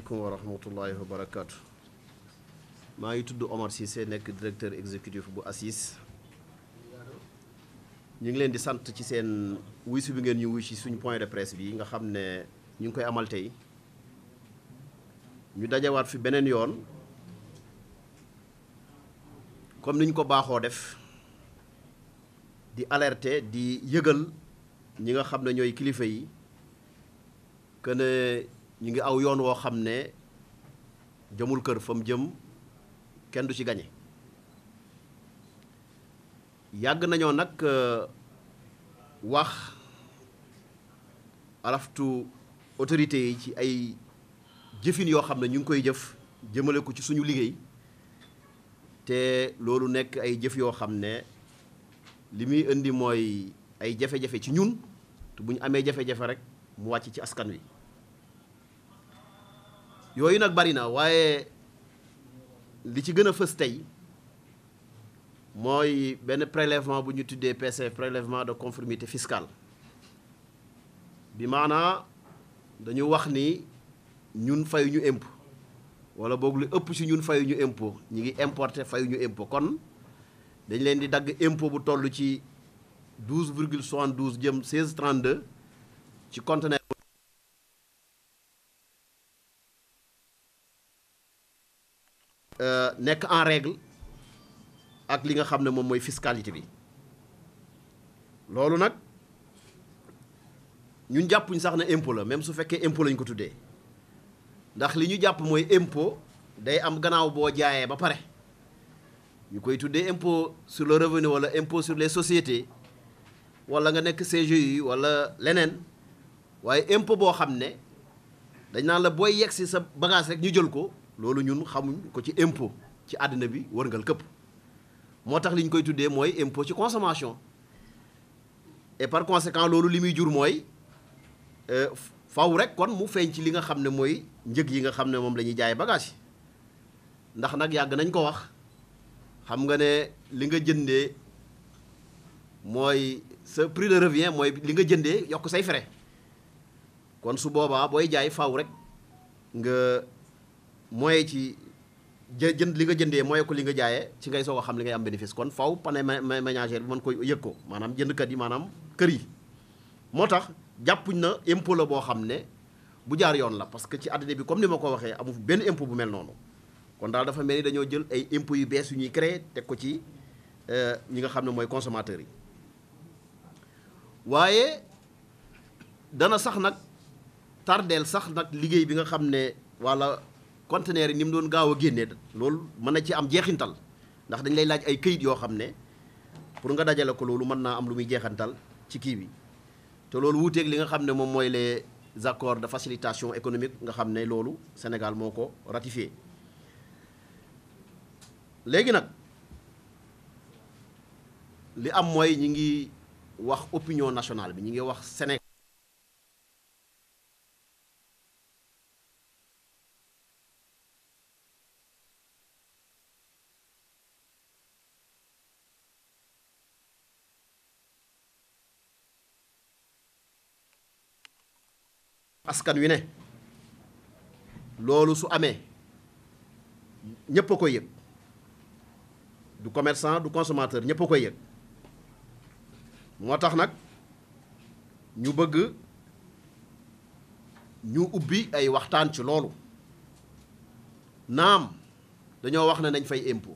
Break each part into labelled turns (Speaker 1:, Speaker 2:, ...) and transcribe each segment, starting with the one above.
Speaker 1: asalaamaaleykum wa rahmatullahi wa barakaatu. maa ngi tudd Omar Cissé nekk directeur exécutif bu ACIS ñu ngi leen di sant ci seen wuyusi bi ngeen ñu wuy ci suñu point de presse bi nga xam ne ñu ngi koy amal tey ñu dajawaat fi beneen yoon comme ni ñu ko baaxoo def di alerter di yëgal ñi nga xam ne ñooy kilifa yi que ñu ngi aw yoon woo xam ne jëmul kër fa mu jëm kenn du ci gañe yàgg nañoo nag euh, wax alaftu autorités yi ci ay jëfin yoo xam ne ñu ngi koy jëf jëmale ko ci suñu liggéey te loolu nekk ay jëf yoo xam ne li muy indi mooy ay jafe-jafe ci ñun te bu ñu amee jafe-jafe rek mu wàcc ci askan wi yooyu nag bari na waaye li ci gën a fës tey mooy benn prélèvement bu ñu tuddee PC prélèvement de conformité fiscale bi maanaa dañu wax ni ñun ñu impôt wala boog lu ëpp ci ñun ñu impo ñi ngi importer ñu impôt kon dañ leen di dagg impo bu toll ci 12 virgule 72 jëm 16 32 ci conteneur Euh, nekk en règle ak li nga xam ne moom mooy fiscalité bi loolu nag ñun jàppuñ sax ne impôt la même su fekkee impôt lañ ko tuddee ndax li ñu jàpp mooy impôt day am gannaaw boo jaayee ba pare ñu koy tuddee impôt sur le revenu wala impo sur les sociétés wala nga nekk CGI wala leneen waaye impôt boo xam ne dañ naan la booy yegg si sa bagage rek ñu jël ko loolu ñun xamuñ ko ci impôt ci àddina bi wërngal këpp moo tax li koy tuddee mooy impo ci consommation et par conséquent loolu li muy jur mooy euh, faw rek kon mu feeñ ci li nga xam ne mooy njëg yi nga xam ne moom la ñuy jaay bagage ndax nag yàgg nañ ko wax xam nga ne li nga jëndee mooy sa pris de revient mooy li nga jëndee yokk say fere kon su boobaa booy jaay faw rek nga moy ci jënd li nga jëndee moy ko li nga jaayee ci ngay soog a xam li ngay am bénéfice kon faw panier ménagère bi mën koy yëg ko maanaam jëndkat yi maanaam kër yi moo tax jàppuñ na impôt la boo xam ne bu jaar yoon la parce que ci àddina bi comme ni ma ko waxee amu benn impôt bu mel noonu kon daal dafa mel ni dañoo jël ay impôt yu bees yu ñuy créé teg ko ci euh, ñi nga xam ne mooy consommateurs yi waaye dana sax nag tardeel sax nag liggéey bi nga xam wala conteneur yi ni mu doon gaaw a génnee loolu mën na ci am jeexintal ndax dañ lay laaj ay kayit yoo xam ne pour nga dajale ko loolu mën naa am lu muy jeexantal ci kii bi te loolu wuuteeg li nga xam ne moom mooy les accords de facilitation économique nga xam ne loolu Sénégal moo ko ratifié léegi nag li am mooy ñi ngi wax opinion nationale bi ñi ngi wax Sénégal askan wi ne loolu su amee ñëpp a koy yëg du commerçant du consommateur ñëpp a koy yëg moo tax nag ñu bëgg ñu ubbi ay waxtaan ci loolu naam dañoo wax ne nañ fay impo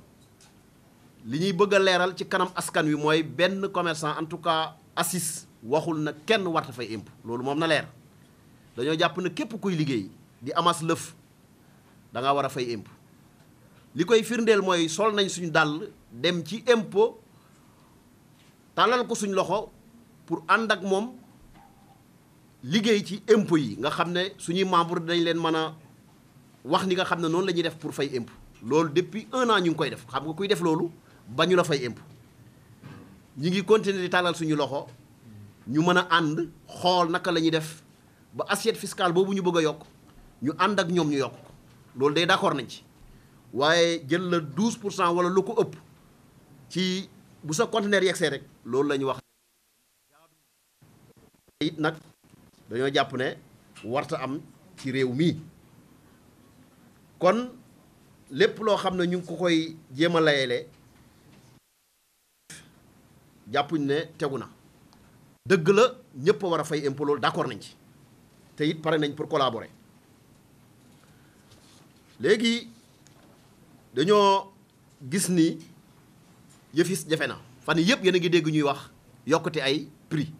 Speaker 1: li ñuy bëgg a leeral ci kanam askan wi mooy benn commerçant en tout cas assis waxul na kenn warta fay impôt loolu moom na leer dañoo jàpp na képp kuy liggéey di amas lëf danga war a fay impôt li koy firndeel mooy sol nañ suñu dàll dem ci impôt tàllal ko suñ loxo pour ànd ak moom liggéey ci impôt yi nga xam ne suñuy membre dañ leen mën a wax ni nga xam ne noonu la ñuy def pour fay impôt loolu depuis un an ñu ngi koy def xam nga kuy def loolu ba ñu la fay impôt ñi ngi continuer tàllal suñu loxo ñu mën a ànd xool naka lañuy def ba assiette fiscale boobu ñu bëgg a yokk ñu ànd ak ñoom ñu yokk ko loolu day d'accord nañ ci waaye jël la 12 pour cent wala lu ko ëpp ci bu sa conteneur yegsee rek loolu la ñu wax it nag dañoo jàpp ne warta am ci réew mii kon lépp loo xam ne ñu ngi ko koy jéem a layele jàppuñ ne tegu na dëgg la ñëpp a war a fay impôt loolu d'accord nañ ci te it pare nañ pour collaborer léegi dañoo gis ni yëfis jafe na fan yëpp yéen a ngi dégg ñuy wax yokkute ay prix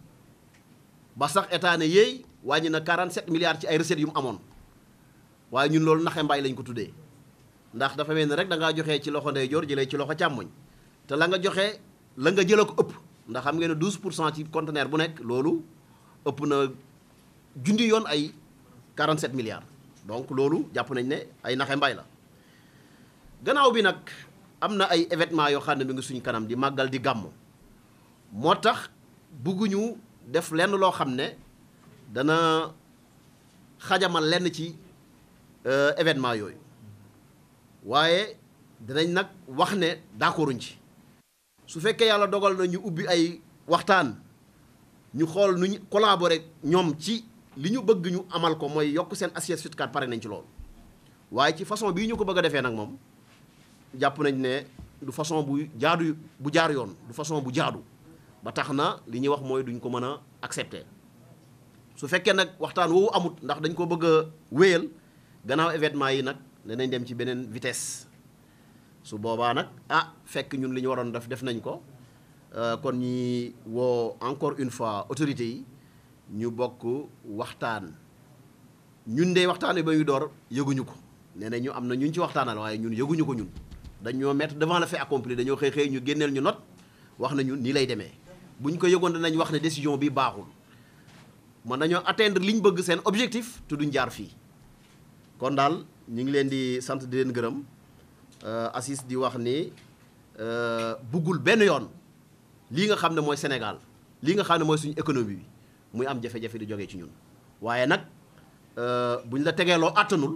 Speaker 1: ba sax état ne yeey wàññi na 47 milliards ci ay recettes yu mu amoon ñun loolu naxe mbaay lañ ko tuddee ndax dafa mel rek da ngaa joxee ci loxo ndeyjoor jëlee ci loxo càmmoñ te la nga joxe la nga jëla ëpp ndax xam ngeen 12 ci conteneur bu ëpp na junni yoon ay 47 milliards donc loolu jàpp nañ ne ay naxe mbay la gannaaw bi nag am na ay événements yoo xam ne mi ngi suñu kanam di màggal di gàmmu moo tax bugguñu def lenn loo xam ne dana xajamal lenn ci euh, événement yooyu waaye dinañ nag wax ne d'accorduñ ci su fekkee yàlla dogal na ñu ubbi ay waxtaan ñu xool nu ñu collaborer ñoom ci li ñu bëgg ñu amal ko mooy yokk seen assiette SUTCAT pare nañ ci loolu waaye ci façon bi ñu ko bëgg a defee nag moom jàpp nañ ne du façon bu jaadu bu jaar yoon du façon bu jaadu ba tax na li ñuy wax mooy duñ ko mën a accepter su fekkee nag waxtaan woowu amut ndax dañ ko bëgg a wéyal gannaaw événement yi nag danañ dem ci beneen vitesse su boobaa nag ah fekk ñun li ñu waroon def def nañ ko euh, kon ñi woo encore une fois autorité yi ñu bokk waxtaan ñun de waxtaan ba ñu door yëguñu ko nee na ñu am na ñu ci waxtaanal waaye ñun yëguñu ko ñun dañoo mettre devant le fait accompli dañoo xëy xëy ñu génneel ñu not wax nañu nii lay demee buñ ko yëgoon danañ wax ne décision bi baaxul mën nañoo atteindre liñ bëgg seen objectif te duñ jaar fii kon daal ñu ngi leen di sant di leen gërëm euh, Aziz di wax ni euh, buggul benn yoon lii nga xam ne mooy Sénégal lii nga xam ne mooy suñu économie bi muy am jafe-jafe di jógee ci ñun waaye nag euh, buñ la tegee loo àttanul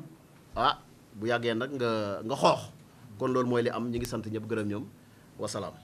Speaker 1: ah bu yàggee nag nga nga xoox kon loolu mooy li am ñi ngi sant ñëpp gërëm ñoom wasalaam